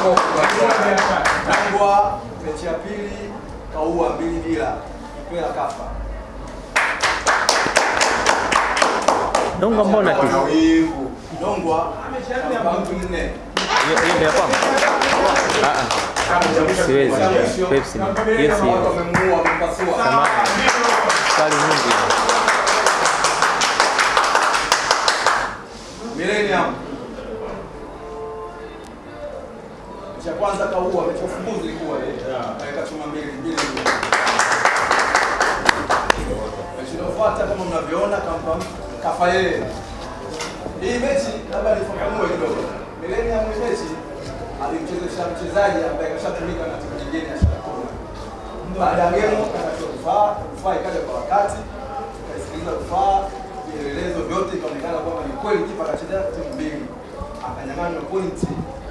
Mnangagwa mechi ya pili kaua mbili bila Kikwela kafa. Dongwa mbona kivu? Dongwa ameshaanza Siwezi. Pepsi. yes. Kali nyingi. Millennium. cha kwanza kaua cha ufunguzi ilikuwa eh, kaweka chuma mbili mbili. Kilichofuata eh, kama mnavyoona, kampa kafa yeye. Hii mechi labda nifafanue kidogo. Millennium ni mechi alimchezesha mchezaji ambaye kashatumika na timu nyingine ya Sharkona. Baada ya gemu akatoa rufaa, rufaa ikaja kwa wakati, ikaisikiliza rufaa, vielelezo vyote, ikaonekana kwamba ni kweli kipa akachezea timu mbili, akanyang'anywa pointi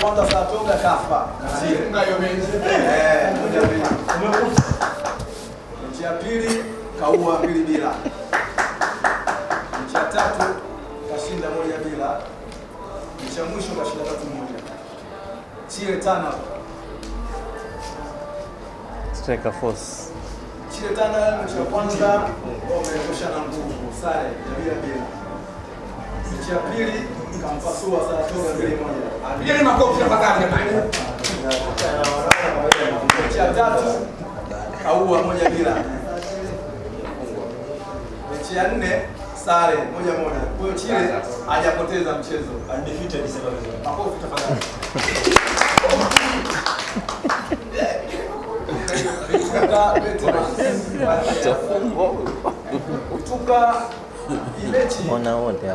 kwanza satoga kafa mechi ya pili kaua mbili bila, mechi ya tatu kashinda moja bila, mechi ya mwisho kashinda tatu moja Chile tano striker force Chile tano, mechi ya kwanza wameosha na nguvu sare bila bila, mechi ya pili Pigeni makofi tafadhali jamani. Mechi ya tatu kaua moja bila. Mechi ya nne sare moja moja. Kwa hiyo Chile hajapoteza mchezo. Undefeated sasa hivi. Makofi tafadhali. Kutoka ona wote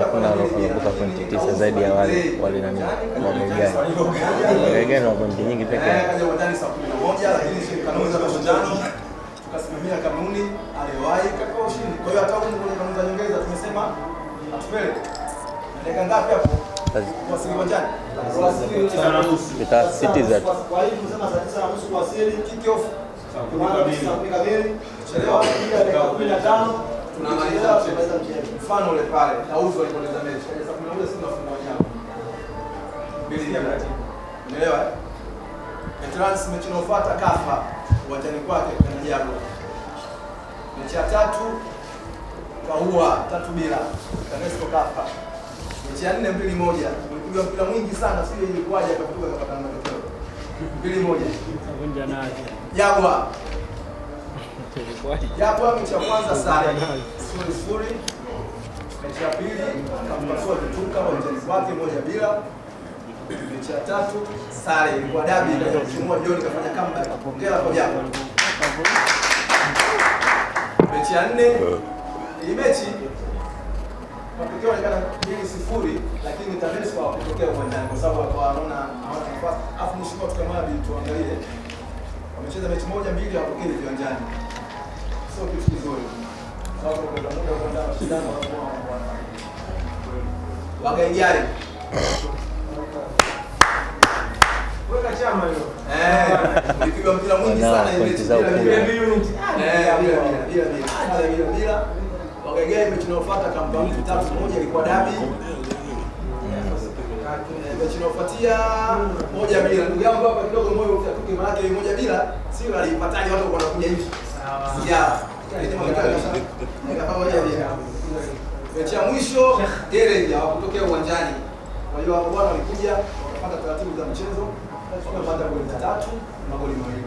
hakuna walokurupuka pointi tisa zaidi ya wale wale nani wamegani wamegani wa pointi nyingi peke yake. Tukasimamia kanuni aliwahi kaka ushindi. Kwa hiyo hata huko kwenye kanuni za nyongeza tumesema atupele dakika ngapi hapo? Wasili wanjani wasili kwa hiyo tumesema saa tisa na nusu kuwasili kick off saa kumi kamili chelewa dakika kumi na tano tunamaliza mfano ule pale Daudi walipoteza mechi sasa kuna ule moja Simba funga nyama mbili ya kati, umeelewa? Entrance eh? mechi inayofuata kafa uwanjani kwake kuna Jago, mechi ya tatu kaua tatu bila Tanesco kafa, mechi ya nne mbili moja ulipigwa mpira mwingi sana, sio ilikuwaje? Akapiga akapata matokeo mbili moja Jagwa Japo mechi ya kwanza sare sifuri sifuri, mechi ya pili akampasua Kituka uwanjani kwake moja bila, mechi ya tatu sare, ilikuwa dabi ilikuwa jioni, kafanya comeback. Hongera kwa Japo. Mechi ya nne hii mechi matokeo yanaonekana mbili sifuri, lakini TANESCO hawakutokea uwanjani kwa sababu wakawa wanaona hawana nafasi, afu mshikwa tukamwambia tuangalie, wamecheza mechi moja mbili hawakutokea viwanjani sio kitu eh, mpira mwingi sana bila wakaijali. Mechi inayofuata kampa mtu tatu moja, ilikuwa dabi. Eh, mechi inayofuatia moja bila, ndugu yangu hapa kidogo moyo utatuke, maanake moja bila sio alipataje watu wanakuja hivi sijawa mechi ya mwisho Gerenja wakutokea uwanjani, wajua hapo bwana, walikuja wakapata taratibu za mchezo, wakapata goli tatu na goli mawili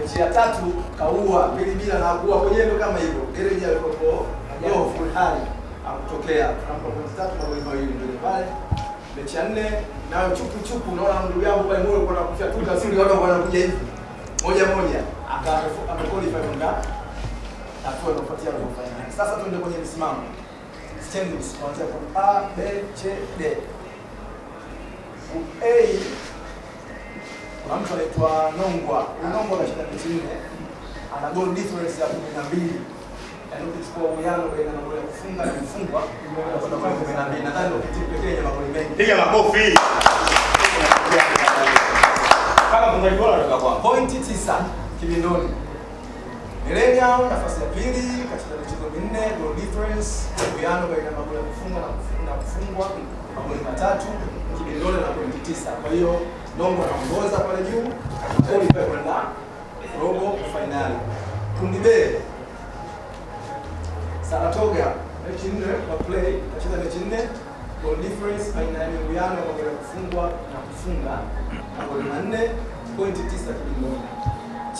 mechi ya tatu kaua mbili bila na kuua ndo kama hivyo, gereji alikopo leo full hali akutokea kama kwa tatu kwa hiyo hiyo ndio pale. Mechi ya nne nayo chupu chupu, unaona ndugu yangu pale mwe kwa kufia tu tasiri wao wanakuja hivi moja moja, aka akamekwalify kwenda hatua inayofuatia robo finali. Sasa tuende kwenye msimamo standings kuanzia kwa A B C D. A kuna mtu anaitwa Nongwa. Nongwa ameshinda mechi nne, ana goal difference ya kumi na mbili. Yaani ukichukua baina ya ya kufunga na kufungwa, Nadhani pekee magoli mengi. makofi. Kama kwa point 9 kibindoni. Millennium nafasi ya pili katika michezo minne, goal difference, uwiano baina ya magoli ya kufunga na kufungwa, magoli matatu, kibindoni na point 9. Kwa hiyo Dongo anaongoza pale juu, Kapitoli pale kwenda robo finali. Kundi B Saratoga mechi nne kwa play kacheza mechi nne goal difference baina ya uwiano kwa bila kufungwa na kufunga na goli manne pointi tisa kibingoni.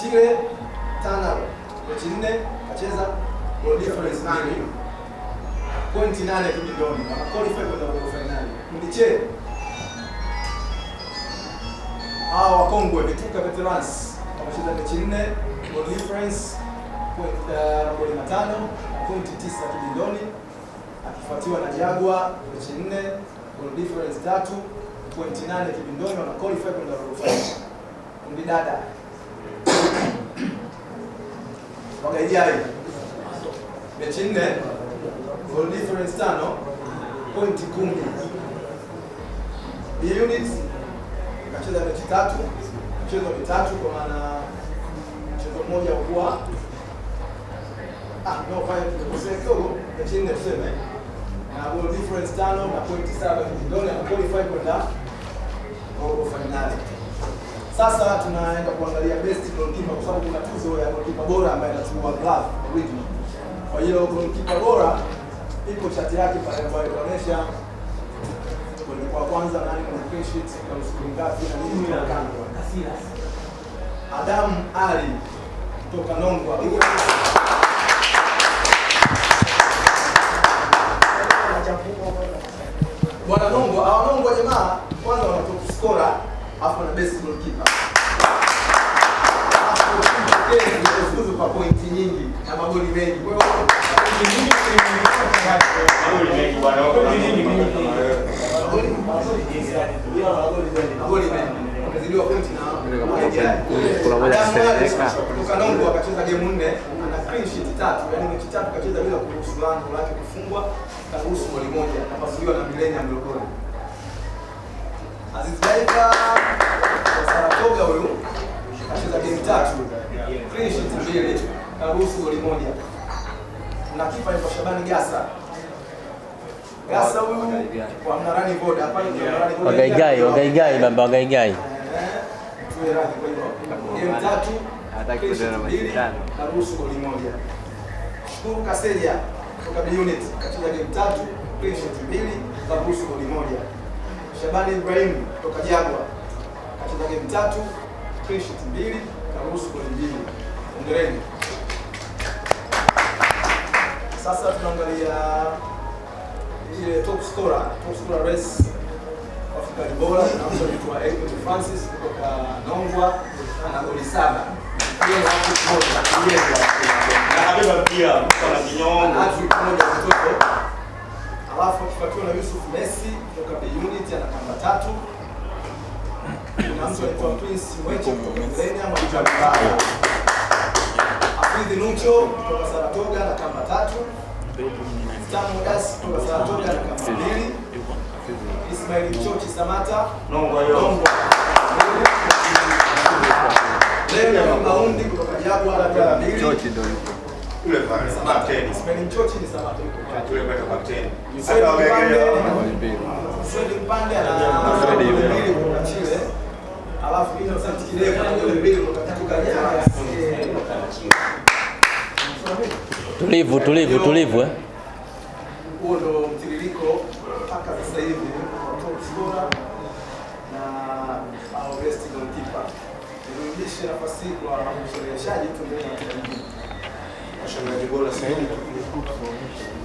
Chile Tanaro mechi nne kacheza goal difference nane pointi nane kibingoni na qualify kwa robo finali. Kundi C hawa wakongwe Vituka Veterans wamecheza mechi nne, goal difference goli matano uh, pointi tisa kibindoni, akifuatiwa na Jagwa mechi nne, goal difference tatu pointi nane kibindoni, wana qualify kwenda robo finali. Kundi dada wakaijayo mechi nne, goal difference tano, pointi kumi. B unit Akacheza mechi tatu, mchezo mitatu, kwa maana mchezo mmoja ukuwa ah, no fanya tukosea kidogo, mechi nne tuseme, na goal difference tano na pointi saba kidole na qualify kwenda robo finali. Sasa tunaenda kuangalia best goalkeeper kwa sababu kuna tuzo ya goalkeeper bora ambaye anachukua glove original. Kwa hiyo goalkeeper bora ipo chati yake pale ambayo inaonyesha kwa kwanza nani mwenye clean kwa usiku ngapi na nini na kando. Adam Ali kutoka Nongwa. Bwana Nongwa, au Nongwa jamaa kwanza wana top scorer, afu na best goalkeeper. Afu kwa pointi nyingi na magoli mengi. Kwa hiyo kuna akacheza game nne ana clean sheet tatu, yani mechi tatu kacheza bila kuruhusu lango lake kufungwa, karuhusu goli moja na pasuliwa na Milenia Mlokole. Aziz Daika wa Saratoga huyu kacheza game tatu, clean sheet mbili, karuhusu goli moja. Na kipa ni Shabani Gasa Wagaigai, Wagaigai baba, Wagaigai Shabani Ibrahim kutoka Jagwa katika game tatu clean sheet mbili karuhusu goli mbili. Hongereni. Sasa tunaangalia top scorer, top scorer race Afrika ni bora, tunamsoma Edwin Francis kutoka Nongwa saba. na kinyongo. Alafu na Yusuf Messi kutoka Unit ana namba tatu. mtu Prince kutoka Afidhi Nucho kutoka Saratoga na namba tatu. Stamu Dasi kutoka Saratoga na kamili. Ismail Chochi Samata Nongwa Nongwa. Leo Maundi kutoka Jagwa na kamili. Chochi ndio yuko. Yule pale Samata. Ismail Chochi ni Samata yuko. Yule pale kapteni. Sasa wamegelea Swedi Mpande ana Swedi mbili kutoka Chile. Alafu Ino Santikile kwa mbili kutoka Kenya. Tulivu, tulivu, tulivu eh. Huo ndo mtiririko mpaka sasa hivi top na au best goalkeeper. Nirudishe nafasi kwa mshereheshaji tuendelee na mchezaji. Washambuliaji bora sasa hivi